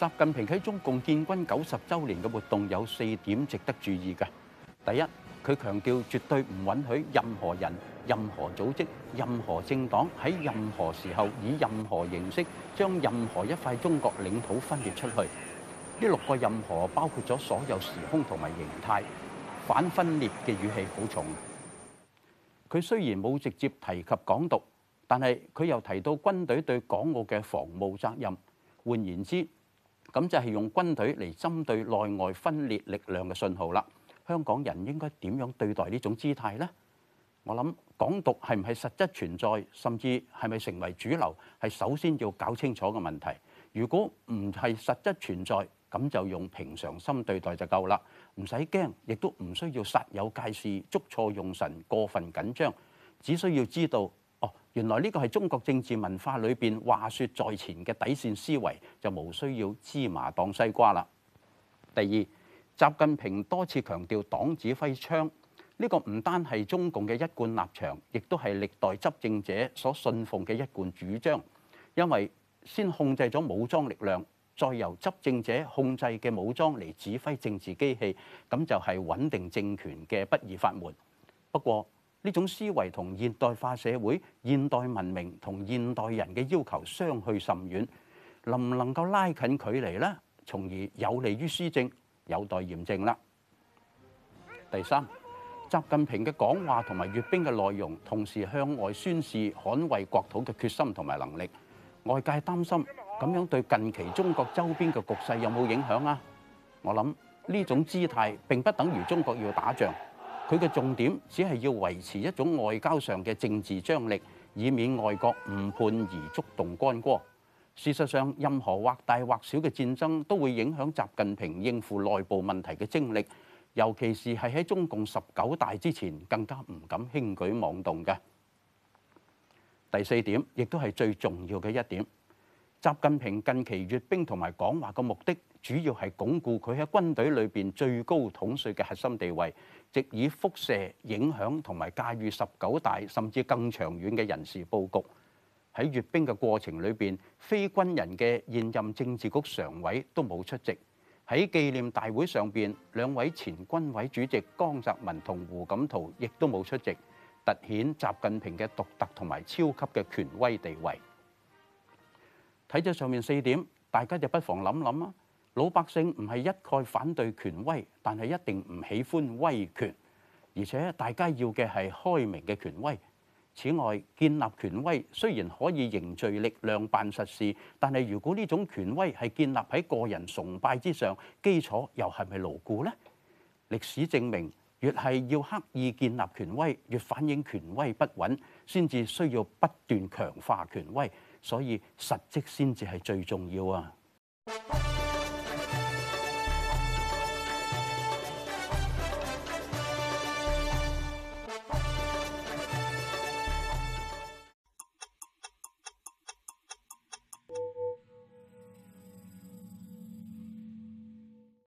習近平喺中共建軍九十週年嘅活動有四點值得注意嘅。第一，佢強調絕對唔允許任何人、任何組織、任何政黨喺任何時候以任何形式將任何一塊中國領土分裂出去。呢六個任何包括咗所有時空同埋形態，反分裂嘅語氣好重。佢雖然冇直接提及港獨，但係佢又提到軍隊對港澳嘅防務責任。換言之，咁就係用軍隊嚟針對內外分裂力量嘅信號啦。香港人應該點樣對待呢種姿態呢？我諗港獨係唔係實質存在，甚至係咪成為主流，係首先要搞清楚嘅問題。如果唔係實質存在，咁就用平常心對待就夠啦，唔使驚，亦都唔需要煞有介事、捉錯用神、過分緊張，只需要知道。哦，原來呢個係中國政治文化裏邊話說在前嘅底線思維，就無需要芝麻當西瓜啦。第二，習近平多次強調黨指揮槍，呢、這個唔單係中共嘅一貫立場，亦都係歷代執政者所信奉嘅一貫主張。因為先控制咗武裝力量，再由執政者控制嘅武裝嚟指揮政治機器，咁就係穩定政權嘅不二法門。不過，呢種思維同現代化社會、現代文明同現代人嘅要求相去甚遠，能唔能夠拉近距離呢？從而有利於施政，有待驗證啦。第三，習近平嘅講話同埋閱兵嘅內容，同時向外宣示捍衛國土嘅決心同埋能力，外界擔心咁樣對近期中國周邊嘅局勢有冇影響啊？我諗呢種姿態並不等於中國要打仗。佢嘅重點只係要維持一種外交上嘅政治張力，以免外國誤判而觸動干戈。事實上，任何或大或小嘅戰爭都會影響習近平應付內部問題嘅精力，尤其是係喺中共十九大之前，更加唔敢輕舉妄動嘅。第四點，亦都係最重要嘅一點。習近平近期閱兵同埋講話嘅目的，主要係鞏固佢喺軍隊裏邊最高統帥嘅核心地位，藉以輻射影響同埋駕馭十九大甚至更長遠嘅人事佈局。喺閱兵嘅過程裏邊，非軍人嘅現任政治局常委都冇出席。喺紀念大會上邊，兩位前軍委主席江澤民同胡錦濤亦都冇出席，突顯習近平嘅獨特同埋超級嘅權威地位。睇咗上面四點，大家就不妨諗諗啊！老百姓唔係一概反對權威，但係一定唔喜歡威權，而且大家要嘅係開明嘅權威。此外，建立權威雖然可以凝聚力量辦實事，但係如果呢種權威係建立喺個人崇拜之上，基礎又係咪牢固呢？歷史證明，越係要刻意建立權威，越反映權威不穩，先至需要不斷強化權威，所以實績先至係最重要啊。